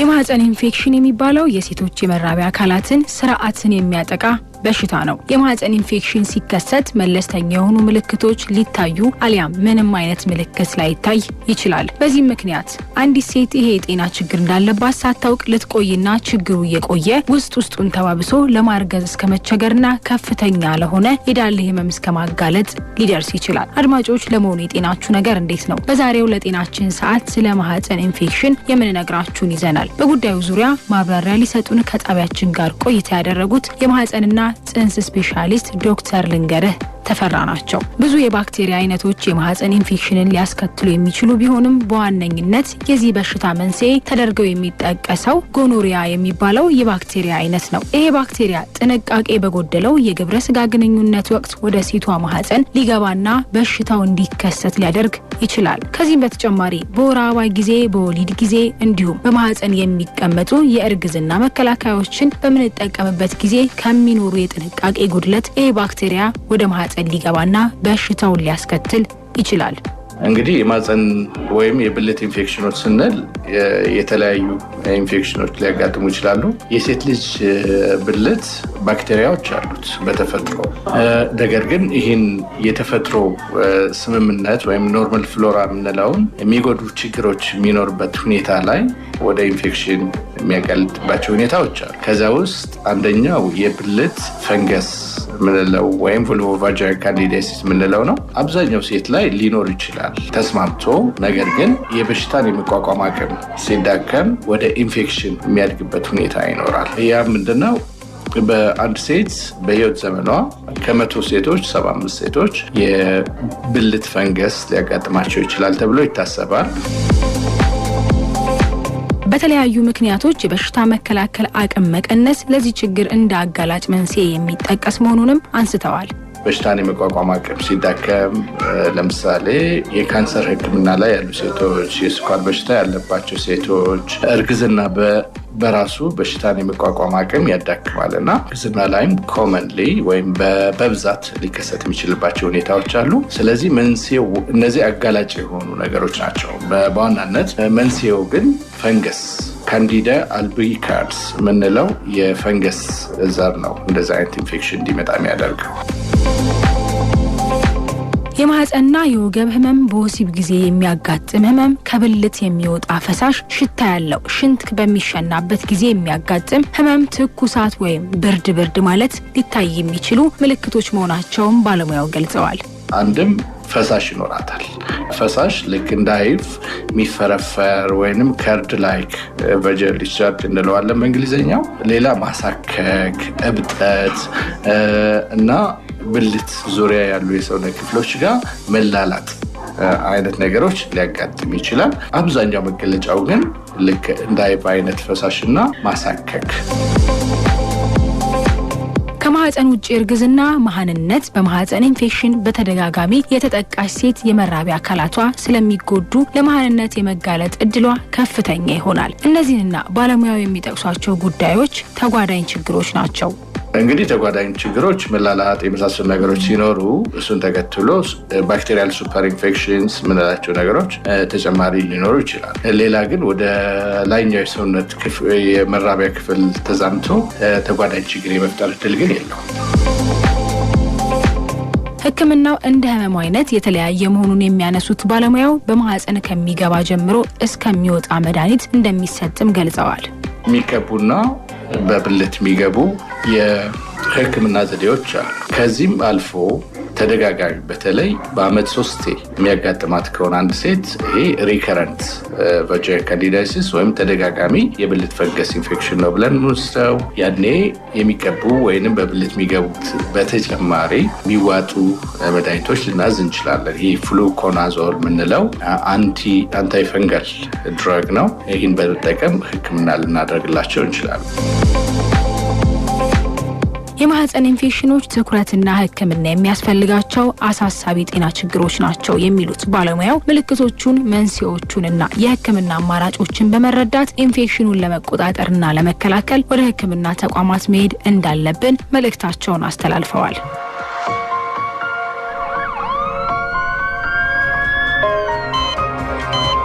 የማህፀን ኢንፌክሽን የሚባለው የሴቶች የመራቢያ አካላትን ስርዓትን የሚያጠቃ በሽታ ነው። የማህፀን ኢንፌክሽን ሲከሰት መለስተኛ የሆኑ ምልክቶች ሊታዩ አሊያም ምንም አይነት ምልክት ላይታይ ይችላል። በዚህም ምክንያት አንዲት ሴት ይሄ የጤና ችግር እንዳለባት ሳታውቅ ልትቆይና ችግሩ እየቆየ ውስጥ ውስጡን ተባብሶ ለማርገዝ እስከ መቸገርና ከፍተኛ ለሆነ የዳሌ ህመም እስከ ማጋለጥ ሊደርስ ይችላል። አድማጮች፣ ለመሆኑ የጤናችሁ ነገር እንዴት ነው? በዛሬው ለጤናችን ሰዓት ስለ ማህፀን ኢንፌክሽን የምንነግራችሁን ይዘናል። በጉዳዩ ዙሪያ ማብራሪያ ሊሰጡን ከጣቢያችን ጋር ቆይታ ያደረጉት የማህፀንና ጽንስ ስፔሻሊስት ዶክተር ልንገርህ ተፈራ ናቸው። ብዙ የባክቴሪያ አይነቶች የማህፀን ኢንፌክሽንን ሊያስከትሉ የሚችሉ ቢሆንም በዋነኝነት የዚህ በሽታ መንስኤ ተደርገው የሚጠቀሰው ጎኖሪያ የሚባለው የባክቴሪያ አይነት ነው። ይሄ ባክቴሪያ ጥንቃቄ በጎደለው የግብረ ስጋ ግንኙነት ወቅት ወደ ሴቷ ማህፀን ሊገባና በሽታው እንዲከሰት ሊያደርግ ይችላል። ከዚህም በተጨማሪ በወር አበባ ጊዜ፣ በወሊድ ጊዜ እንዲሁም በማህፀን የሚቀመጡ የእርግዝና መከላከያዎችን በምንጠቀምበት ጊዜ ከሚኖሩ የጥንቃቄ ጉድለት ይሄ ባክቴሪያ ወደ ማህፀን ማህፀን ሊገባና በሽታውን ሊያስከትል ይችላል። እንግዲህ የማፀን ወይም የብልት ኢንፌክሽኖች ስንል የተለያዩ ኢንፌክሽኖች ሊያጋጥሙ ይችላሉ። የሴት ልጅ ብልት ባክቴሪያዎች አሉት በተፈጥሮ ነገር ግን ይህን የተፈጥሮ ስምምነት ወይም ኖርማል ፍሎራ የምንለውን የሚጎዱ ችግሮች የሚኖርበት ሁኔታ ላይ ወደ ኢንፌክሽን የሚያጋልጥባቸው ሁኔታዎች አሉ። ከዚያ ውስጥ አንደኛው የብልት ፈንገስ ምንለው ወይም ቮልቮቫጀር ካንዲዴሲስ ምንለው ነው። አብዛኛው ሴት ላይ ሊኖር ይችላል ተስማምቶ። ነገር ግን የበሽታን የመቋቋም አቅም ሲዳከም ወደ ኢንፌክሽን የሚያድግበት ሁኔታ ይኖራል። ያ ምንድነው? በአንድ ሴት በህይወት ዘመኗ ከመቶ ሴቶች ሰባ አምስት ሴቶች የብልት ፈንገስ ሊያጋጥማቸው ይችላል ተብሎ ይታሰባል። በተለያዩ ምክንያቶች የበሽታ መከላከል አቅም መቀነስ ለዚህ ችግር እንደ አጋላጭ መንስኤ የሚጠቀስ መሆኑንም አንስተዋል። በሽታን የመቋቋም አቅም ሲዳከም ለምሳሌ የካንሰር ሕክምና ላይ ያሉ ሴቶች፣ የስኳር በሽታ ያለባቸው ሴቶች፣ እርግዝና በራሱ በሽታን የመቋቋም አቅም ያዳክማል እና እርግዝና ላይም ኮመንሊ ወይም በብዛት ሊከሰት የሚችልባቸው ሁኔታዎች አሉ። ስለዚህ መንስኤው እነዚህ አጋላጭ የሆኑ ነገሮች ናቸው በዋናነት መንስኤው ግን ፈንገስ ካንዲደ አልቢካርስ የምንለው የፈንገስ ዘር ነው እንደዚ አይነት ኢንፌክሽን እንዲመጣ የሚያደርገው። የማህፀንና የወገብ ህመም፣ በወሲብ ጊዜ የሚያጋጥም ህመም፣ ከብልት የሚወጣ ፈሳሽ፣ ሽታ ያለው ሽንት በሚሸናበት ጊዜ የሚያጋጥም ህመም፣ ትኩሳት ወይም ብርድ ብርድ ማለት ሊታይ የሚችሉ ምልክቶች መሆናቸውን ባለሙያው ገልጸዋል። አንድም ፈሳሽ ይኖራታል። ፈሳሽ ልክ እንደ አይብ የሚፈረፈር ወይንም ከርድ ላይክ ቨጀር ሊስቻርድ እንለዋለን በእንግሊዝኛው። ሌላ ማሳከክ፣ እብጠት uh, እና ብልት ዙሪያ ያሉ የሰውነት ክፍሎች ጋር መላላት uh, አይነት ነገሮች ሊያጋጥም ይችላል። አብዛኛው መገለጫው ግን ልክ እንዳይፍ አይነት ፈሳሽ እና ማሳከክ ከማህፀን ውጭ እርግዝና፣ መሀንነት፣ በማህፀን ኢንፌክሽን በተደጋጋሚ የተጠቃች ሴት የመራቢያ አካላቷ ስለሚጎዱ ለመሀንነት የመጋለጥ እድሏ ከፍተኛ ይሆናል። እነዚህንና ባለሙያው የሚጠቅሷቸው ጉዳዮች ተጓዳኝ ችግሮች ናቸው። እንግዲህ ተጓዳኝ ችግሮች መላላጥ የመሳሰሉ ነገሮች ሲኖሩ እሱን ተከትሎ ባክቴሪያል ሱፐር ኢንፌክሽንስ ምንላቸው ነገሮች ተጨማሪ ሊኖሩ ይችላል። ሌላ ግን ወደ ላይኛው የሰውነት የመራቢያ ክፍል ተዛምቶ ተጓዳኝ ችግር የመፍጠር እድል ግን የለው። ሕክምናው እንደ ህመሙ አይነት የተለያየ መሆኑን የሚያነሱት ባለሙያው በማህፀን ከሚገባ ጀምሮ እስከሚወጣ መድኃኒት እንደሚሰጥም ገልጸዋል። የሚከቡና በብልት የሚገቡ የሕክምና ዘዴዎች አሉ። ከዚህም አልፎ ተደጋጋሚ በተለይ በአመት ሶስቴ የሚያጋጥማት ከሆነ አንድ ሴት ይሄ ሪከረንት ቫጃይን ካንዲዳይሲስ ወይም ተደጋጋሚ የብልት ፈንገስ ኢንፌክሽን ነው ብለን ምንወስደው ያኔ የሚቀቡ ወይንም በብልት የሚገቡት በተጨማሪ የሚዋጡ መድኃኒቶች ልናዝ እንችላለን። ይህ ፍሉኮናዞል የምንለው አንታይ ፈንገል ድረግ ነው። ይህን በመጠቀም ህክምና ልናደርግላቸው እንችላለን። የማህፀን ኢንፌክሽኖች ትኩረትና ሕክምና የሚያስፈልጋቸው አሳሳቢ ጤና ችግሮች ናቸው የሚሉት ባለሙያው ምልክቶቹን፣ መንስኤዎቹንና የሕክምና አማራጮችን በመረዳት ኢንፌክሽኑን ለመቆጣጠርና ለመከላከል ወደ ሕክምና ተቋማት መሄድ እንዳለብን መልእክታቸውን አስተላልፈዋል።